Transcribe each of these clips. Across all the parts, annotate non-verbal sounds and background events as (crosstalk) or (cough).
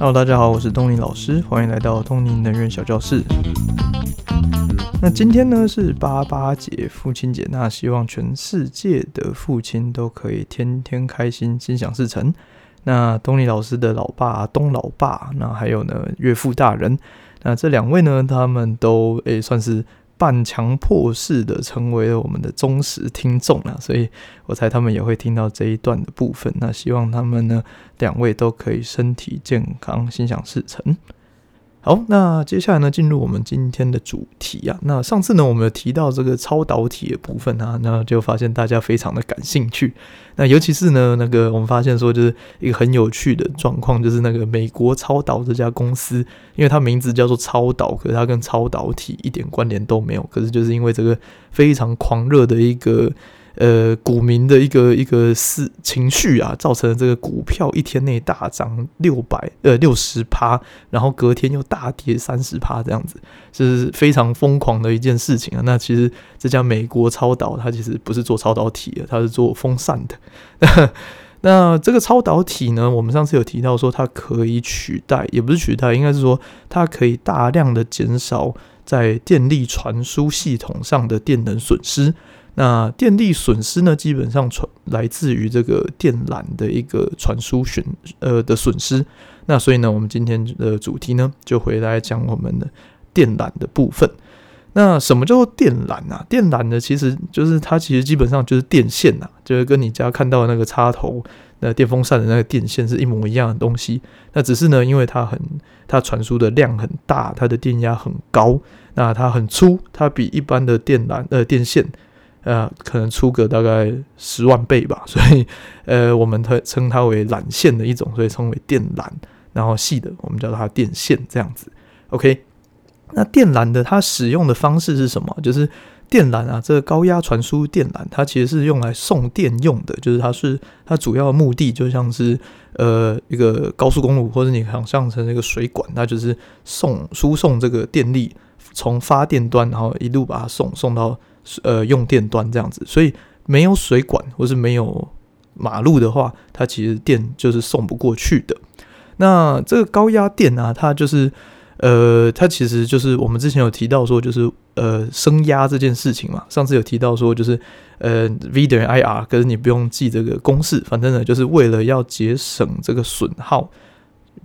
Hello，大家好，我是東尼老師，歡迎來到東尼能源小教室。那今天呢是八八節，父親節，那希望全世界的父親都可以天天開心，心想事成。那東尼老師的老爸東老爸，那還有呢岳父大人，那這兩位呢，他們都誒、欸、算是。半強迫式的成為了我們的忠實聽眾了，所以我猜他們也會聽到這一段的部分。那希望他們呢，兩位都可以身體健康，心想事成。好，那接下來呢，進入我們今天的主題啊。那上次呢，我們有提到這個超導體的部分啊，那就發現大家非常的感興趣。那尤其是呢，那個我們發現說，就是一個很有趣的狀況，就是那個美國超導這家公司，因為它名字叫做超導，可是它跟超導體一點關聯都沒有。可是就是因為這個非常狂熱的一個。呃，股民的一個一個思情緒啊，造成了這個股票一天內大漲六百呃六十趴，然後隔天又大跌三十趴，這樣子，就是非常瘋狂的一件事情啊。那其實這家美國超導，它其實不是做超導體的，它是做風扇的。 (laughs) 那這個超導體呢，我們上次有提到說，它可以取代，也不是取代，應該是說它可以大量的減少在電力傳輸系統上的電能損失。那電力損失呢，基本上傳來自於這個電纜的一個傳輸損呃的損失。那所以呢，我們今天的主題呢，就回來講我們的電纜的部分。那什麼叫做電纜啊？電纜呢，其實就是它其實基本上就是電線吶、啊，就是跟你家看到的那個插頭、那電風扇的那個電線是一模一樣的東西。那只是呢，因為它很它傳輸的量很大，它的電壓很高，那它很粗，它比一般的電纜呃電線。呃，可能粗個大概十萬倍吧，所以，呃，我們稱它為纜線的一種，所以稱為電纜。然後細的，我們叫它電線這樣子。OK，那電纜的它使用的方式是什麼？就是電纜啊，這個高壓傳輸電纜，它其實是用來送電用的，就是它是它主要的目的，就像是呃一個高速公路，或者你想象成一個水管，它就是送輸送這個電力從發電端，然後一路把它送送到。呃，用電端這樣子，所以沒有水管或是沒有馬路的話，它其實電就是送不過去的。那這個高壓電呢、啊，它就是呃，它其實就是我們之前有提到說，就是呃，升壓這件事情嘛。上次有提到說，就是呃，V 等於 IR，可是你不用記這個公式，反正呢，就是為了要節省這個損耗，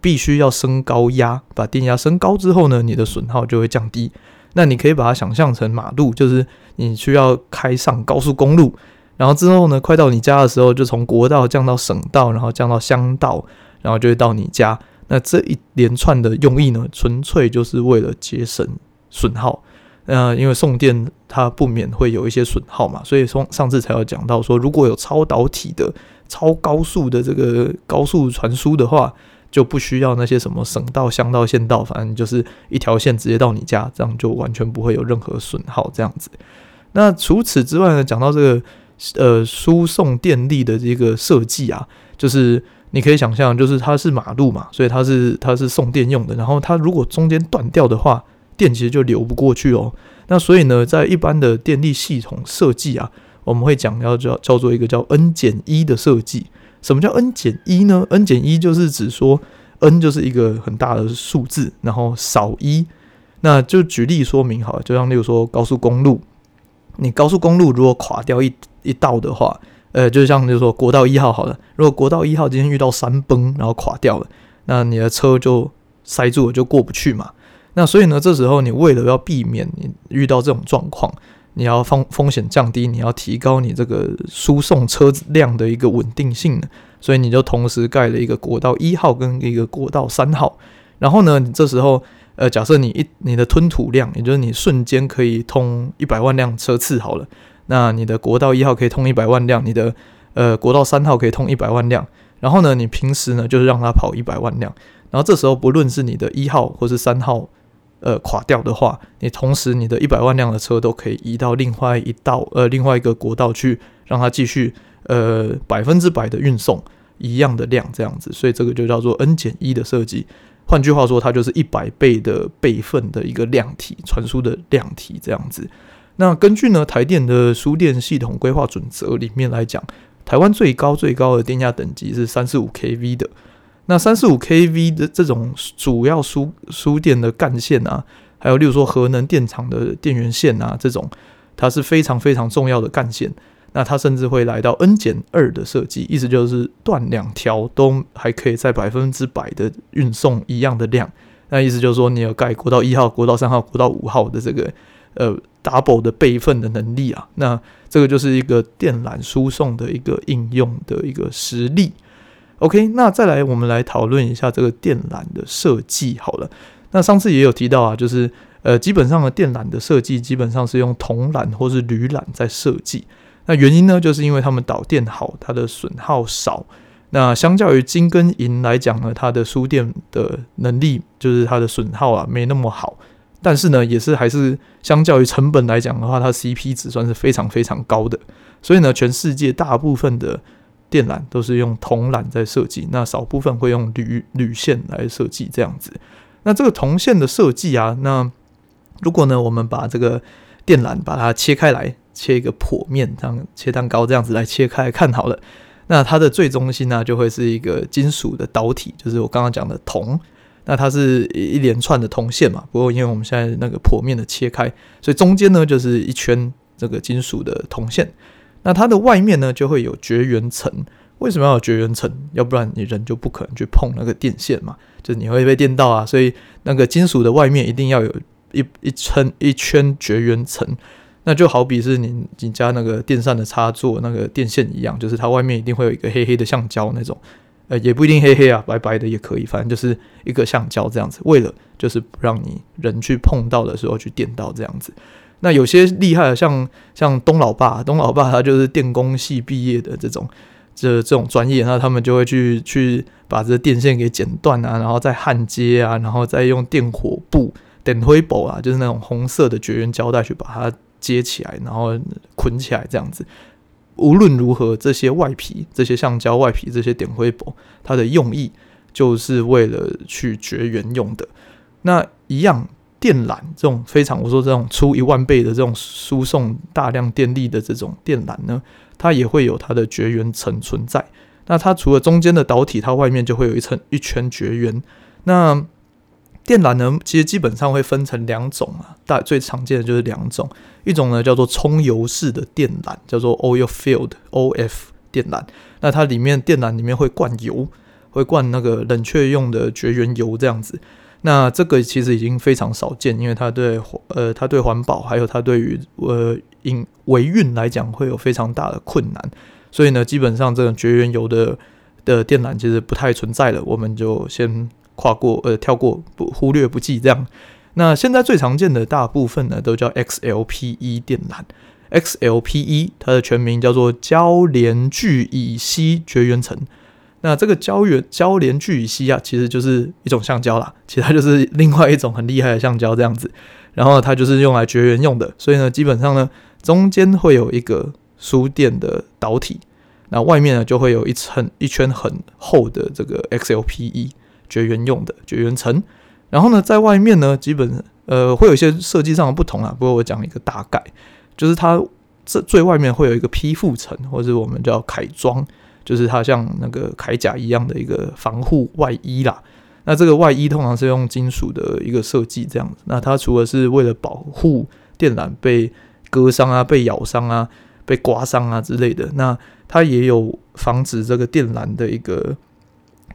必須要升高壓，把電壓升高之後呢，你的損耗就會降低。那你可以把它想象成馬路，就是你需要開上高速公路，然後之後呢，快到你家的時候，就從國道降到省道，然後降到鄉道，然後就會到你家。那這一連串的用意呢，純粹就是為了節省損耗。呃，因為送電它不免會有一些損耗嘛，所以說上次才有講到說，如果有超導體的超高速的這個高速傳輸的話。就不需要那些什麼省道、鄉道、縣道，反正就是一條線直接到你家，這樣就完全不會有任何損耗。這樣子，那除此之外呢？講到這個呃，輸送電力的這個設計啊，就是你可以想象，就是它是馬路嘛，所以它是它是送電用的。然後它如果中間斷掉的話，電其實就流不過去哦。那所以呢，在一般的電力系統設計啊，我們會講要叫叫做一個叫 N 減一的設計。什麼叫 n 減一呢？n 減一就是指說 n 就是一個很大的數字，然後少一，那就舉例說明好了，就像例如說高速公路，你高速公路如果垮掉一一道的話，呃，就像就是說國道一號好了，如果國道一號今天遇到山崩，然後垮掉了，那你的車就塞住了，就過不去嘛。那所以呢，這時候你為了要避免你遇到這種狀況。你要風風險降低，你要提高你這個輸送車輛的一個穩定性呢，所以你就同時蓋了一個國道一號跟一個國道三號。然後呢，這時候呃，假設你一你的吞吐量，也就是你瞬間可以通一百萬輛車次好了，那你的國道一號可以通一百萬輛，你的呃國道三號可以通一百萬輛。然後呢，你平時呢就是讓它跑一百萬輛。然後這時候，不論是你的一號或是三號，呃，垮掉的話，你同時你的一百萬輛的車都可以移到另外一道呃另外一個國道去，讓它繼續呃百分之百的運送一樣的量，這樣子。所以這個就叫做 n 減一的設計。換句話說，它就是一百倍的備份的一個量體傳輸的量體這樣子。那根據呢台電的輸電系統規劃準則裡面來講，台灣最高最高的電壓等級是三百四十五 kV 的。那三十五 kV 的這種主要輸輸電的幹線啊，還有例如說核能電廠的電源線啊，這種它是非常非常重要的幹線。那它甚至會來到 N 減二的設計，意思就是斷兩條都還可以在百分之百的運送一樣的量。那意思就是說，你要蓋國道一號、國道三號、國道五號的這個呃 double 的備份的能力啊，那這個就是一個電纜輸送的一個應用的一個實例。OK，那再來我們來討論一下這個電纜的設計好了。那上次也有提到啊，就是呃，基本上的電纜的設計基本上是用銅纜或是鋁纜在設計。那原因呢，就是因為他們導電好，它的損耗少。那相較於金跟銀來講呢，它的輸電的能力就是它的損耗啊沒那麼好。但是呢，也是還是相較於成本來講的話，它 CP 值算是非常非常高的。所以呢，全世界大部分的電纜都是用銅纜在設計，那少部分會用鋁鋁線來設計這樣子。那這個銅線的設計啊，那如果呢，我們把這個電纜把它切開來，切一個剖面這樣，像切蛋糕這樣子來切開來看好了，那它的最中心呢、啊、就會是一個金屬的導體，就是我剛剛講的銅。那它是一一連串的銅線嘛，不過因為我們現在那個剖面的切開，所以中間呢就是一圈這個金屬的銅線。那它的外面呢，就會有絕緣層，為什麼要有絕緣層？要不然你人就不可能去碰那個電線嘛，就是你會被電到啊。所以那個金屬的外面一定要有一一圈一圈絕緣層。那就好比是你你家那個電扇的插座那個電線一樣，就是它外面一定會有一個黑黑的橡膠那種，呃，也不一定黑黑啊，白白的也可以，反正就是一個橡膠這樣子，為了就是不讓你人去碰到的時候去電到這樣子。那有些厲害的像，像像東老爸，東老爸他就是電工系畢業的這種，這這種專業，那他們就會去去把這電線給剪斷啊，然後再焊接啊，然後再用電火布、電灰布啊，就是那種紅色的絕緣膠帶去把它接起來，然後捆起來這樣子。無論如何，這些外皮、這些橡膠外皮、這些電灰布，它的用意就是為了去絕緣用的。那一樣。電纜這種非常，我說這種粗一萬倍的這種輸送大量電力的這種電纜呢，它也會有它的絕緣層存在。那它除了中間的導體，它外面就會有一層一圈絕緣。那電纜呢，其實基本上會分成兩種啊，大最常見的就是兩種，一種呢叫做充油式的電纜，叫做 Oil-filled O, filled, O-F 電纜。那它裡面電纜裡面會灌油，會灌那個冷卻用的絕緣油這樣子。那這個其實已經非常少見，因為它對呃它對環保還有它對於呃運維運來講會有非常大的困難，所以呢，基本上這個絕緣油的的電纜其實不太存在了，我們就先跨過呃跳過不忽略不計這樣。那現在最常見的大部分呢都叫 XLPE 電纜，XLPE 它的全名叫做交聯聚乙烯絕緣層。那這個交聯交聯聚乙烯啊，其實就是一種橡膠啦，其實它就是另外一種很厲害的橡膠這樣子，然後呢，它就是用來絕緣用的，所以呢，基本上呢，中間會有一個輸電的導體，那外面呢就會有一層一圈很厚的這個 XLPE 絕緣用的絕緣層，然後呢，在外面呢，基本呃會有一些設計上的不同啊，不過我講一個大概，就是它這最外面會有一個披覆層，或者我們叫鎧裝。就是它像那個鎧甲一樣的一個防護外衣啦。那這個外衣通常是用金屬的一個設計這樣子。那它除了是為了保護電纜被割傷啊、被咬傷啊、被刮傷啊之類的，那它也有防止這個電纜的一個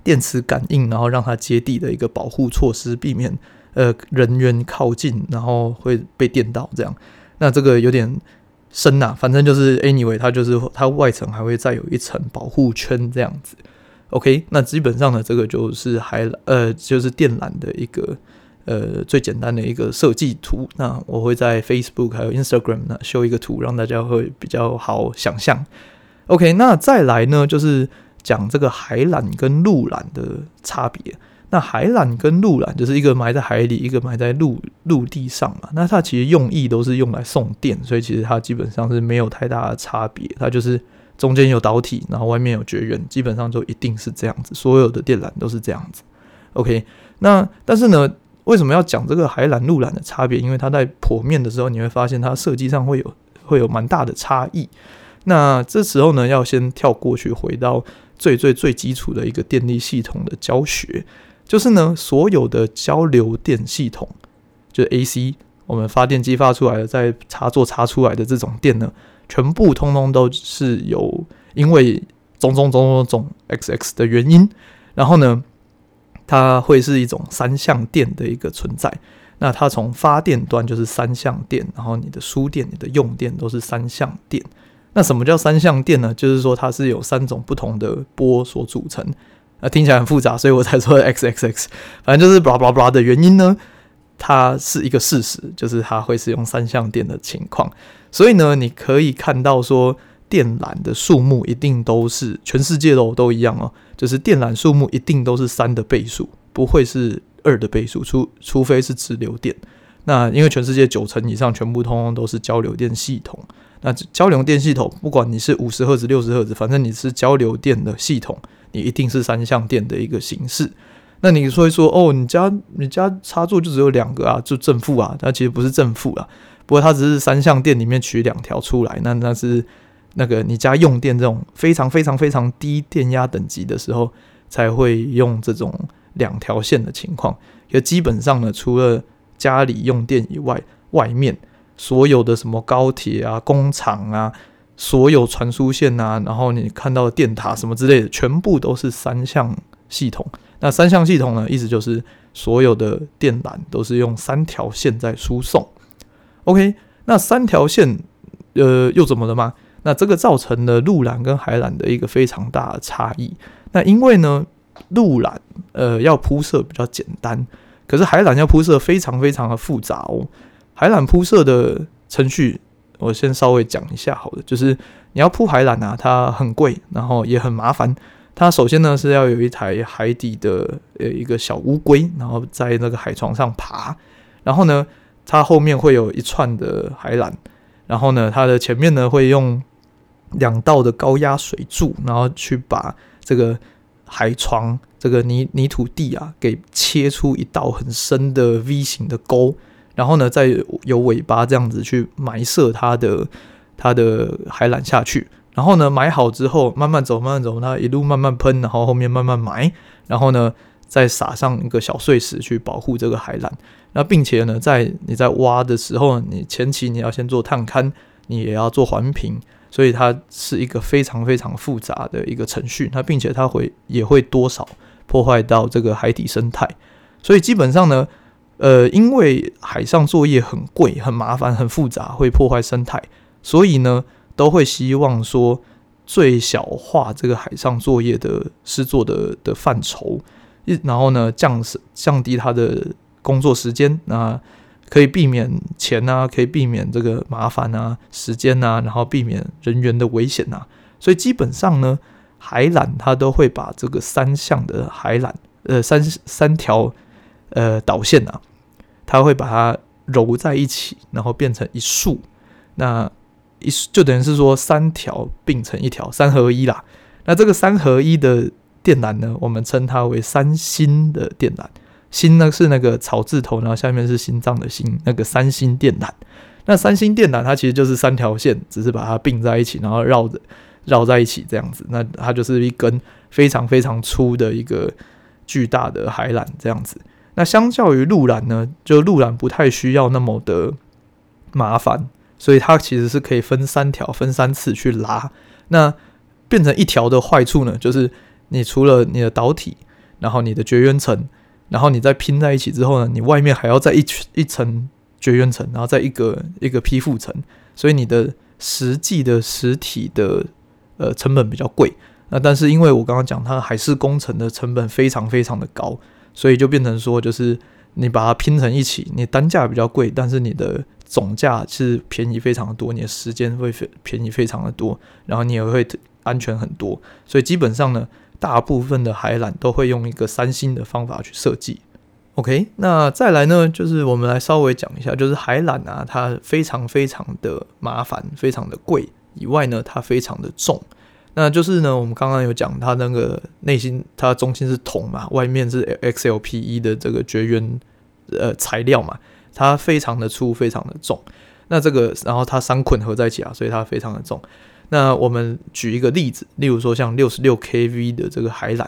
電磁感應，然後讓它接地的一個保護措施，避免呃人員靠近，然後會被電到這樣。那這個有點。深吶、啊，反正就是 anyway，它就是它外層還會再有一層保護圈這樣子。OK，那基本上呢，這個就是海呃就是電纜的一個呃最簡單的一個設計圖。那我會在 Facebook 還有 Instagram 呢，修一個圖，讓大家會比較好想象。OK，那再來呢，就是講這個海纜跟陸纜的差別。那海纜跟陸纜就是一個埋在海裡，一個埋在陸陸地上嘛。那它其實用意都是用來送電，所以其實它基本上是沒有太大的差別。它就是中間有導體，然後外面有絕緣，基本上就一定是這樣子。所有的電纜都是這樣子。OK，那但是呢，為什麼要講這個海纜、陸纜的差別？因為它在剖面的時候，你會發現它設計上會有會有蠻大的差異。那這時候呢，要先跳過去，回到最最最基礎的一個電力系統的教學。就是呢，所有的交流電系統，就是 AC，我們發電機發出來的，在插座插出來的這種電呢，全部通通都是由因為種種種種種 XX 的原因，然後呢，它會是一種三相電的一個存在。那它從發電端就是三相電，然後你的輸電、你的用電都是三相電。那什麼叫三相電呢？就是說它是由三種不同的波所組成。啊，聽起來很複雜，所以我才說 x x x，反正就是 blah blah blah 的原因呢。它是一個事實，就是它會使用三相電的情況。所以呢，你可以看到說，電纜的數目一定都是，全世界都都一樣哦，就是電纜數目一定都是三的倍數，不會是二的倍數，除除非是直流電。那因為全世界九成以上全部通通都是交流電系統，那交流電系統不管你是五十赫茲、六十赫茲，反正你是交流電的系統。你一定是三相電的一個形式，那你說一說哦，你家你家插座就只有兩個啊，就正負啊，它其實不是正負了啊，不過它只是三相電裡面取兩條出來，那那是那個你家用電這種非常非常非常低電壓等級的時候才會用這種兩條線的情況，也基本上呢，除了家裡用電以外，外面所有的什麼高鐵啊、工廠啊。所有傳輸線吶、啊，然後你看到的電塔什麼之類的，全部都是三相系統。那三相系統呢，意思就是所有的電纜都是用三條線在輸送。OK，那三條線，呃，又怎麼了嗎？那這個造成了陸纜跟海纜的一個非常大的差異。那因為呢，陸纜呃要鋪設比較簡單，可是海纜要鋪設非常非常的複雜哦。海纜鋪設的程序。我先稍微講一下好了，就是你要鋪海纜啊，它很貴，然後也很麻煩。它首先呢是要有一台海底的呃一個小烏龜，然後在那個海床上爬，然後呢它後面會有一串的海纜，然後呢它的前面呢會用兩道的高壓水柱，然後去把這個海床這個泥泥土地啊給切出一道很深的 V 型的溝。然後呢，再有尾巴這樣子去埋設它的它的海纜下去。然後呢，埋好之後，慢慢走，慢慢走，它一路慢慢噴，然後後面慢慢埋。然後呢，再撒上一個小碎石去保護這個海纜。那並且呢，在你在挖的時候，你前期你要先做探勘，你也要做環評，所以它是一個非常非常複雜的一個程序。它並且它會也會多少破壞到這個海底生態，所以基本上呢。呃，因為海上作業很貴、很麻煩、很複雜，會破壞生態，所以呢，都會希望說最小化這個海上作業的施作的的範疇，然後呢，降降低它的工作時間，那、啊、可以避免錢啊，可以避免這個麻煩啊，時間啊，然後避免人員的危險啊，所以基本上呢，海纜它都會把這個三項的海纜，呃，三三條呃導線啊。它會把它揉在一起，然後變成一束，那一束就等於是說三條併成一條，三合一啦。那這個三合一的電纜呢，我們稱它為三芯的電纜。芯呢是那個草字頭，然後下面是心臟的“心”，那個三芯電纜。那三芯電纜它其實就是三條線，只是把它併在一起，然後繞着繞在一起這樣子。那它就是一根非常非常粗的一個巨大的海纜這樣子。那相較於陸纜呢，就陸纜不太需要那麼的麻煩，所以它其實是可以分三條、分三次去拉。那變成一條的壞處呢，就是你除了你的導體，然後你的絕緣層，然後你再拼在一起之後呢，你外面還要再一一層絕緣層，然後再一個一個披覆層，所以你的實際的實體的呃成本比較貴。那但是因為我剛剛講，它海事工程的成本非常非常的高。所以就變成說，就是你把它拼成一起，你單價比較貴，但是你的總價是便宜非常的多，你的時間會非便宜非常的多，然後你也會安全很多。所以基本上呢，大部分的海纜都會用一個三星的方法去設計。OK，那再來呢，就是我們來稍微講一下，就是海纜啊，它非常非常的麻煩，非常的貴，以外呢，它非常的重。那就是呢，我們剛剛有講，它那個內心，它中心是銅嘛，外面是 XLPE 的這個絕緣呃材料嘛，它非常的粗，非常的重。那這個，然後它三捆合在一起啊，所以它非常的重。那我們舉一個例子，例如說像六十六 KV 的這個海纜，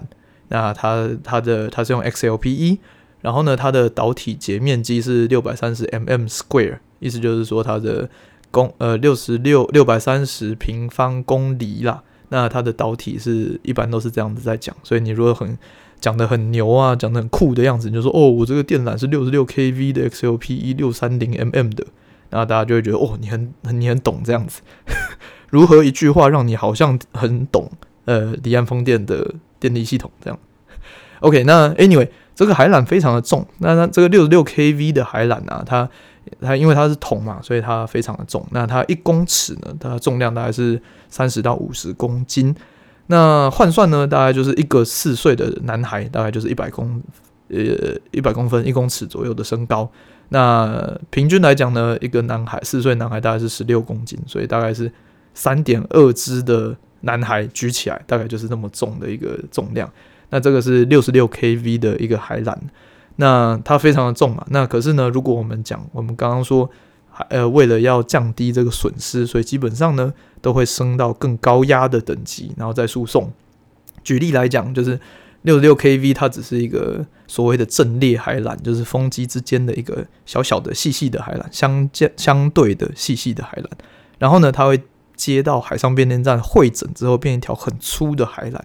那它它的它是用 XLPE，然後呢，它的導體截面積是六百三十 mm square，意思就是說它的公呃六十六六百三十平方公里啦。那它的導體是一般都是這樣子在講，所以你如果很講得很牛啊，講得很酷的樣子，你就說哦，我這個電纜是六十六 kV 的 XLPE 六三零 mm 的，然後大家就會覺得哦，你很，很你很懂這樣子， (laughs) 如何一句話讓你好像很懂呃離岸風電的電力系統這樣。OK，那 anyway，這個海纜非常的重，那那這個六十六 kV 的海纜啊，它它因為它是銅嘛，所以它非常的重。那它一公尺呢，它的重量大概是三十到五十公斤。那換算呢，大概就是一個四歲的男孩，大概就是一百公呃一百公分一公尺左右的身高。那平均來講呢，一個男孩四歲男孩大概是十六公斤，所以大概是三點二隻的男孩舉起來，大概就是那麼重的一個重量。那這個是六十六 kV 的一個海纜。那它非常的重嘛，那可是呢，如果我們講，我們剛剛說，還，呃，為了要降低這個損失，所以基本上呢，都會升到更高壓的等級，然後再輸送。舉例來講，就是六十六 kV，它只是一個所謂的陣列海纜，就是風機之間的一個小小的細細的海纜，相相對的細細的海纜。然後呢，它會接到海上變電站匯整之後，變一條很粗的海纜，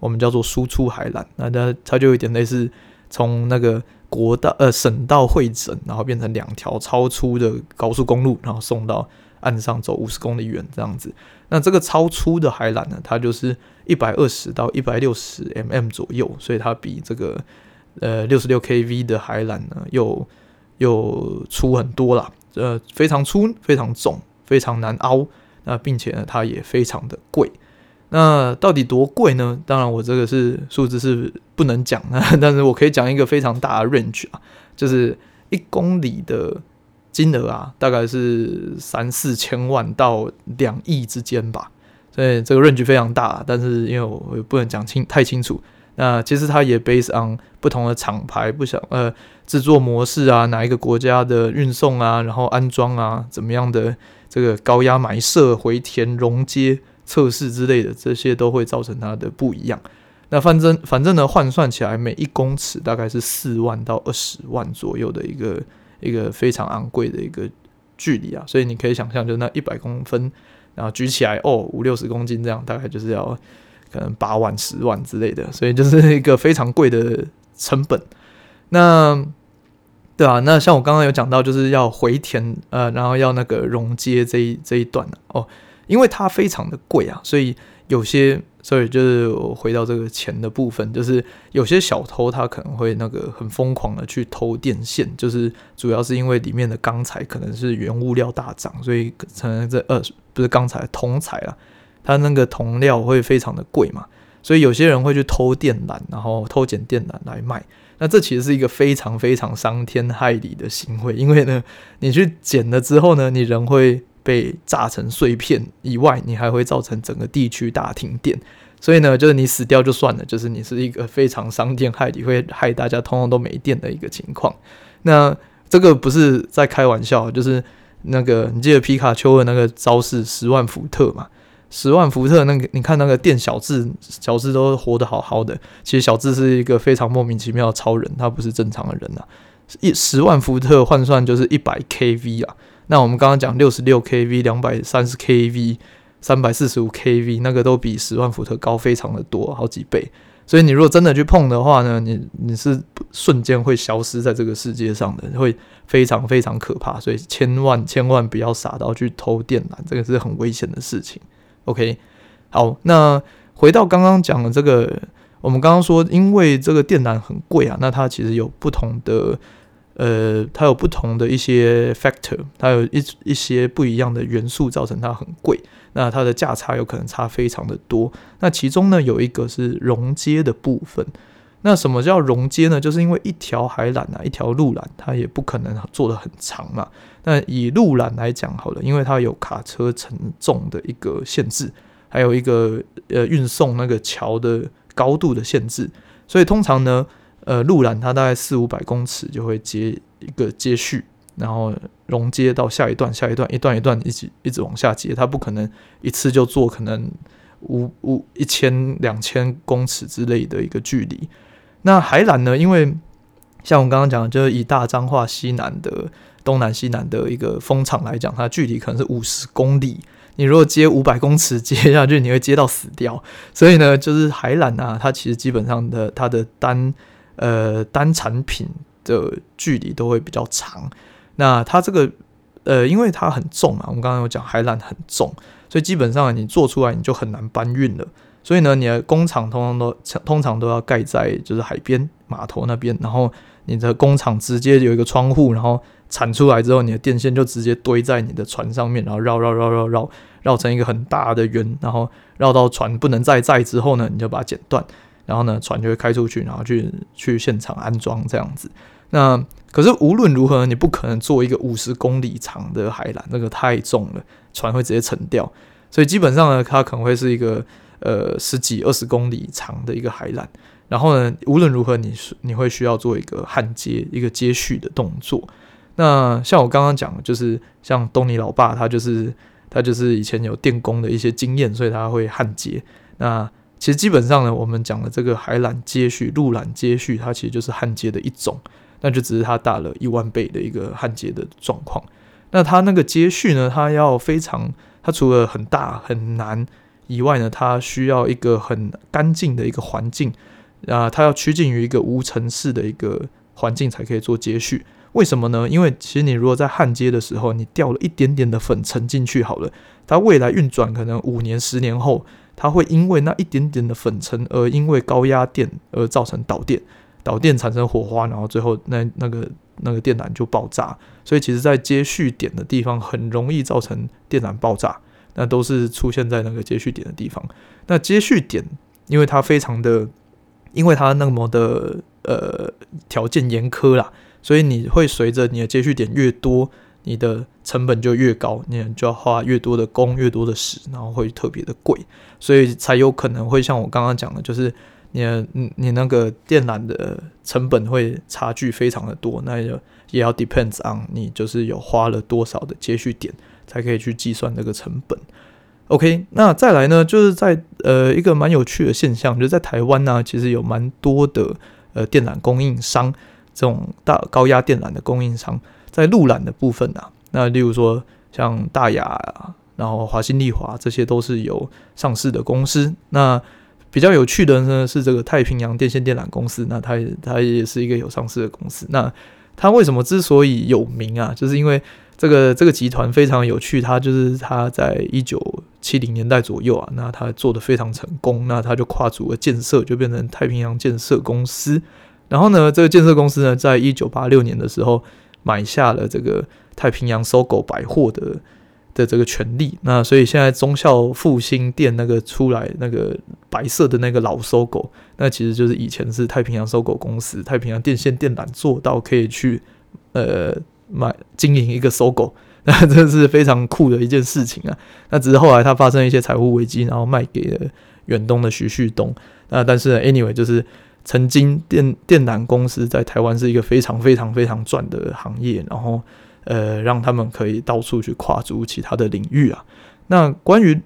我們叫做輸出海纜。那它它就有點類似從那個。國道呃省道，會整，然後變成兩條超粗的高速公路，然後送到岸上走五十公里遠這樣子。那這個超粗的海纜呢，它就是一百二十到一百六十 mm 左右，所以它比這個呃六十六 KV 的海纜呢又又粗很多了，呃非常粗，非常重，非常難拗，那並且呢，它也非常的貴。那到底多貴呢？當然，我這個是數字是不能講的，但是我可以講一個非常大的 range 啊，就是一公里的金額啊，大概是三四千萬到兩億之間吧。所以這個 range 非常大，但是因為我也不能講清太清楚。那其實它也 based on 不同的廠牌、不想呃製作模式啊，哪一個國家的運送啊，然後安裝啊，怎麼樣的這個高壓埋設、回填、熔接。測試之類的，這些都會造成它的不一樣。那，反正反正呢，換算起來，每一公尺大概是四萬到二十萬左右的一個一個非常昂貴的一個距離啊。所以你可以想象就那一百公分，然後舉起來哦，五六十公斤這樣，大概就是要可能八萬、十萬之類的。所以就是一個非常貴的成本。那對啊，那像我剛剛有講到，就是要回填呃，然後要那個熔接這一這一段啊，哦。因為它非常的貴啊，所以有些，所以就是我回到這個錢的部分，就是有些小偷他可能會那個很瘋狂的去偷電線，就是主要是因為裡面的鋼材可能是原物料大漲，所以可能這呃不是鋼材銅材啊，它那個銅料會非常的貴嘛，所以有些人會去偷電纜，然後偷剪電纜來賣。那這其實是一個非常非常傷天害理的行為，因為呢，你去剪了之後呢，你人會。被炸成碎片以外，你還會造成整個地區大停電。所以呢，就是你死掉就算了，就是你是一個非常傷天害理，你會害大家通通都沒電的一個情況。那這個不是在開玩笑，就是那個你記得皮卡丘的那個招式十萬伏特嘛？十萬伏特那個，你看那個電小智，小智都活得好好的。其實小智是一個非常莫名其妙的超人，他不是正常的人啊。一十萬伏特換算就是一百 kV 啊。那我們剛剛講六十六 kV、兩百三十 kV、三百四十五 kV，那個都比十萬伏特高，非常的多，好幾倍。所以你如果真的去碰的話呢，你你是瞬間會消失在這個世界上的，會非常非常可怕。所以千萬千萬不要傻到去偷電纜，這個是很危險的事情。OK，好，那回到剛剛講的這個，我們剛剛說，因為這個電纜很貴啊，那它其實有不同的。呃，它有不同的一些 factor，它有一一些不一樣的元素造成它很貴。那它的價差有可能差非常的多。那其中呢，有一個是熔接的部分。那什麼叫熔接呢？就是因為一條海纜啊，一條陸纜，它也不可能做得很長嘛。那以陸纜來講，好了，因為它有卡車承重的一個限制，還有一個呃運送那個橋的高度的限制，所以通常呢。呃，陸纜它大概四五百公尺就會接一個接續，然後融接到下一段、下一段、一段一段一直一,一直往下接，它不可能一次就做可能五五一千、兩千公尺之類的一個距離。那海纜呢？因為像我們剛剛講的，就是以大彰化西南的東南西南的一個風場來講，它距離可能是五十公里。你如果接五百公尺接下去，你會接到死掉。所以呢，就是海纜啊，它其實基本上的它的單。呃，單產品的距離都會比較長。那它這個呃，因為它很重啊，我們剛剛有講海纜很重，所以基本上你做出來你就很難搬運了。所以呢，你的工廠通常都通常都要蓋在就是海邊碼頭那邊，然後你的工廠直接有一個窗戶，然後產出來之後，你的電線就直接堆在你的船上面，然後繞繞繞繞繞繞成一個很大的圓，然後繞到船不能再載之後呢，你就把它剪斷。然後呢，船就會開出去，然後去去現場安裝這樣子。那可是無論如何，你不可能做一個五十公里長的海纜，那個太重了，船會直接沉掉。所以基本上呢，它可能會是一個呃十幾二十公里長的一個海纜。然後呢，無論如何，你你會需要做一個焊接、一個接續的動作。那像我剛剛講的，就是像東尼老爸，他就是他就是以前有電工的一些經驗，所以他會焊接。那其實基本上呢，我們講的這個海纜接續、陸纜接續，它其實就是焊接的一種，那就只是它大了一萬倍的一個焊接的狀況。那它那個接續呢，它要非常，它除了很大很難以外呢，它需要一個很乾淨的一個環境啊，它要趨近於一個無塵室的一個環境才可以做接續。為什麼呢？因為其實你如果在焊接的時候，你掉了一點點的粉塵進去好了，它未來運轉可能五年、十年後。它會因為那一點點的粉塵，而因為高壓電而造成導電，導電產生火花，然後最後那那個那個電纜就爆炸。所以其實，在接續點的地方很容易造成電纜爆炸，那都是出現在那個接續點的地方。那接續點，因為它非常的，因為它那麼的呃條件嚴苛啦，所以你會隨着你的接續點越多。你的成本就越高，你就要花越多的工，越多的時，然後會特別的貴，所以才有可能會像我剛剛講的，就是你你你那個電纜的成本會差距非常的多，那也要 depends on 你就是有花了多少的接續點才可以去計算這個成本。OK，那再來呢，就是在呃一個蠻有趣的現象，就是在台灣呢，其實有蠻多的呃電纜供應商，這種大高壓電纜的供應商。在陸纜的部分啊，那例如說像大亞啊，然後華新麗華，這些都是有上市的公司。那比較有趣的呢是這個太平洋電線電纜公司，那它它也是一個有上市的公司。那它為什麼之所以有名啊，就是因為這個這個集團非常有趣，它就是它在一九七零年代左右啊，那它做得非常成功，那它就跨足了建設，就變成太平洋建設公司。然後呢，這個建設公司呢，在一九八六年的時候。買下了這個太平洋搜狗百貨的的這個權利，那所以現在忠孝復興店那個出來那個白色的那個老搜狗，那其實就是以前是太平洋搜狗公司，太平洋電線電纜做到可以去呃買經營一個搜狗，那真是非常酷的一件事情啊。那只是後來它發生一些財務危機，然後賣給了遠東的徐旭東。那但是呢 anyway 就是。曾經電電纜公司在台灣是一個非常非常非常賺的行業，然後呃，讓他們可以到處去跨足其他的領域啊。那關於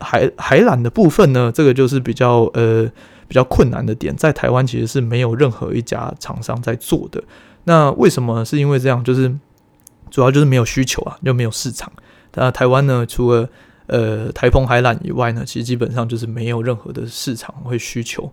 海海纜的部分呢，這個就是比較呃，比較困難的點，在台灣其實是沒有任何一家廠商在做的。那為什麼呢？是因為這樣，就是主要就是沒有需求啊，又沒有市場。那台灣呢，除了呃台澎海纜以外呢，其實基本上就是沒有任何的市場會需求。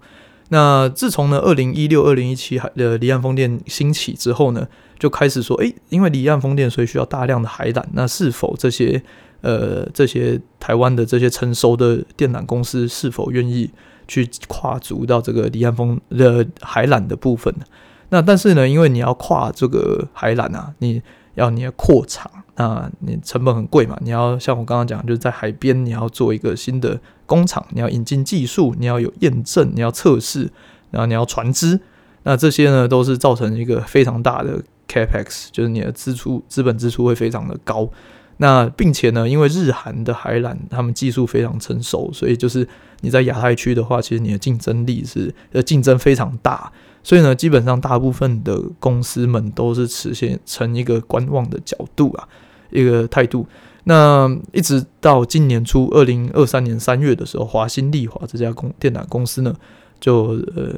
那自從呢，二零一六、二零一七海的離岸風電興起之後呢，就開始說，誒、欸，因為離岸風電，所以需要大量的海纜。那是否這些呃這些台灣的這些成熟的電纜公司，是否願意去跨足到這個離岸風的海纜的部分呢？那但是呢，因為你要跨這個海纜啊，你要你要擴廠，那你成本很貴嘛，你要像我剛剛講，就是在海邊你要做一個新的。工廠，你要引進技術，你要有驗證，你要測試，然後你要船隻，那這些呢都是造成一個非常大的 Capex，就是你的支出資本支出會非常的高。那並且呢，因為日韓的海纜，他們技術非常成熟，所以就是你在亞太區的話，其實你的競爭力是競爭、就是競爭非常大，所以呢，基本上大部分的公司們都是實現成一個觀望的角度啊，一個態度。那一直到今年初，二零二三年三月的時候，華新麗華這家公電纜公司呢，就呃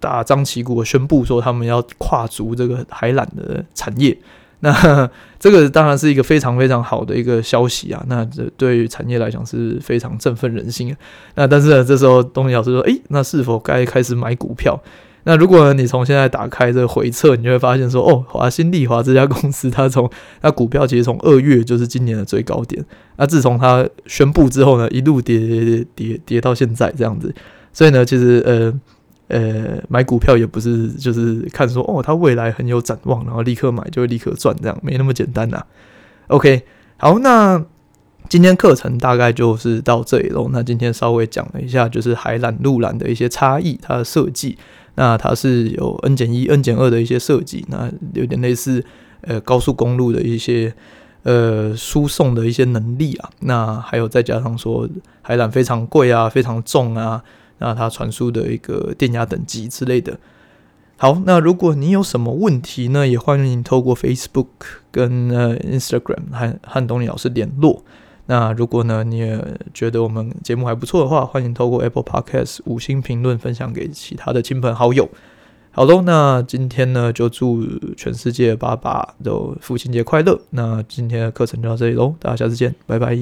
大張旗鼓的宣布說他們要跨足這個海纜的產業。那呵呵這個當然是一個非常非常好的一個消息啊！那這對於產業來講是非常振奮人心啊！那但是呢，這時候東尼老師說，誒、欸、那是否該開始買股票？那如果你從現在打開這個回撤，你就會發現說，哦，華新麗華這家公司，它從它股票其實從二月就是今年的最高點，那、啊、自從它宣布之後呢，一路跌跌跌到現在這樣子，所以呢，其實呃呃，買股票也不是就是看說哦，它未來很有展望，然後立刻買就會立刻賺這樣，沒那麼簡單吶、啊。OK，好，那。今天課程大概就是到這裡嘍。那今天稍微講了一下，就是海纜、陸纜的一些差異，它的設計。那它是有 n 減一、n 減二的一些設計，那有點類似呃高速公路的一些呃輸送的一些能力啊。那還有再加上說海纜非常貴啊，非常重啊，那它傳輸的一個電壓等級之類的。好，那如果你有什麼問題呢，也歡迎你透過 Facebook 跟呃 Instagram 和和東尼老師聯絡。那如果呢，你也覺得我們節目還不錯的話，歡迎透過 Apple Podcast 五星評論分享給其他的親朋好友。好嘍，那今天呢就祝全世界的爸爸都父親節快樂。那今天的課程就到這裡嘍，大家下次見，拜拜。